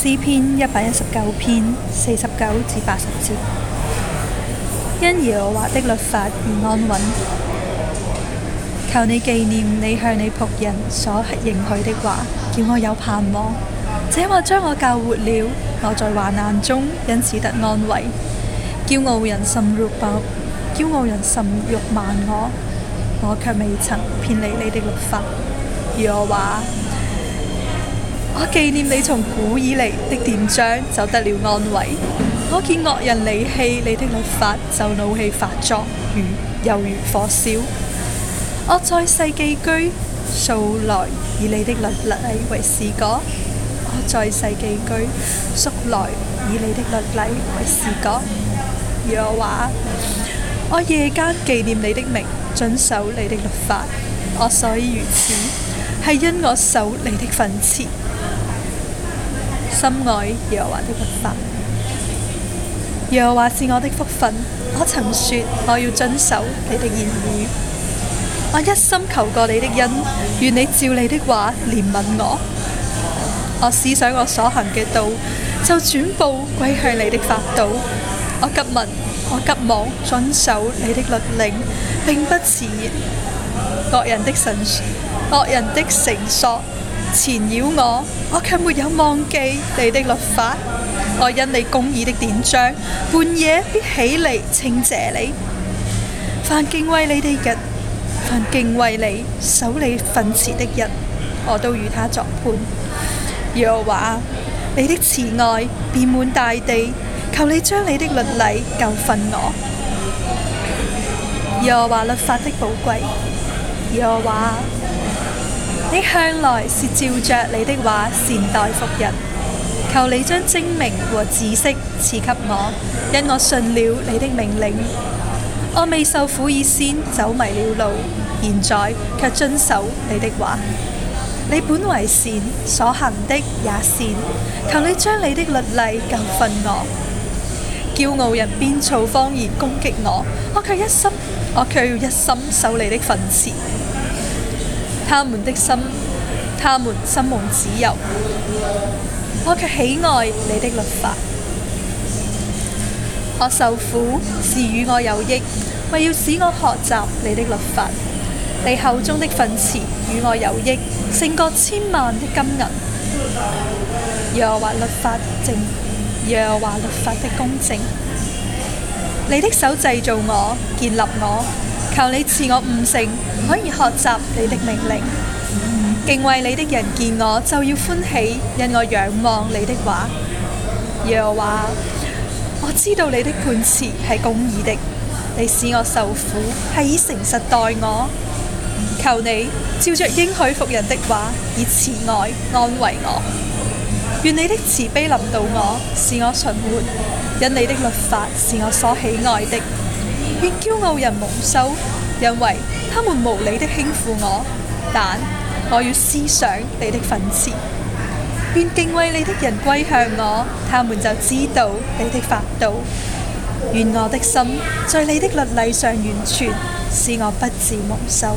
詩篇一百一十九篇四十九至八十節，因耶和華的律法而安穩。求你紀念你向你僕人所應許的話，叫我有盼望。這話將我救活了，我在患難中因此得安慰。驕傲人甚辱我，驕傲人甚辱慢我，我卻未曾偏離你的律法。耶和華。我紀念你從古以嚟的典章，就得了安慰；我見惡人離棄你的律法，就怒氣發作，如猶如火燒。我在世寄居，素來以你的律例為詩歌；我我在世寄居，素來以你的律例為詩歌。如我話：我夜間紀念你的名，遵守你的律法。我所以如此，係因我守你的訓詞。深愛耶和華的律法，耶和華是我的福分。我曾說我要遵守你的言語，我一心求過你的恩，願你照你的話憐憫我。我思想我所行嘅道，就轉步歸向你的法度。我急忙，我急忙遵守你的律令，並不遲延。各人的神，各人的繩索。纏繞我，我卻沒有忘記你的律法。我因你公義的典章，半夜必起來稱謝你。凡敬畏你的人，凡敬畏你守你訓詞的人，我都與他作伴。耶和華，你的慈愛遍滿大地，求你將你的律例教訓我。耶和華律法的寶貴。耶和華。你向來是照着你的話善待僕人，求你將精明和知識賜給我，因我信了你的命令。我未受苦以先走迷了路，現在却遵守你的話。你本為善，所行的也善，求你將你的律例教訓我。驕傲人編造謊言攻擊我，我却一心，我却要一心守你的訓詞。他們的心，他們心蒙脂油。我卻喜愛你的律法。我受苦是與我有益，為要使我學習你的律法。你口中的訓詞與我有益，勝過千萬的金銀。又話律法正，又話律法的公正。你的手製造我，建立我。求你賜我悟性，可以學習你的命令。敬畏你的人見我，就要歡喜，因我仰望你的話。耶和華，我知道你的判詞係公義的，你使我受苦係以誠實待我。求你照着應許服人的話，以慈愛安慰我。願你的慈悲臨到我，使我存活，因你的律法是我所喜愛的。願驕傲人蒙羞，因為他們無理的傾覆我；但我要思想你的訓詞。願敬畏你的人歸向我，他們就知道你的法度。願我的心在你的律例上完全，使我不至蒙羞。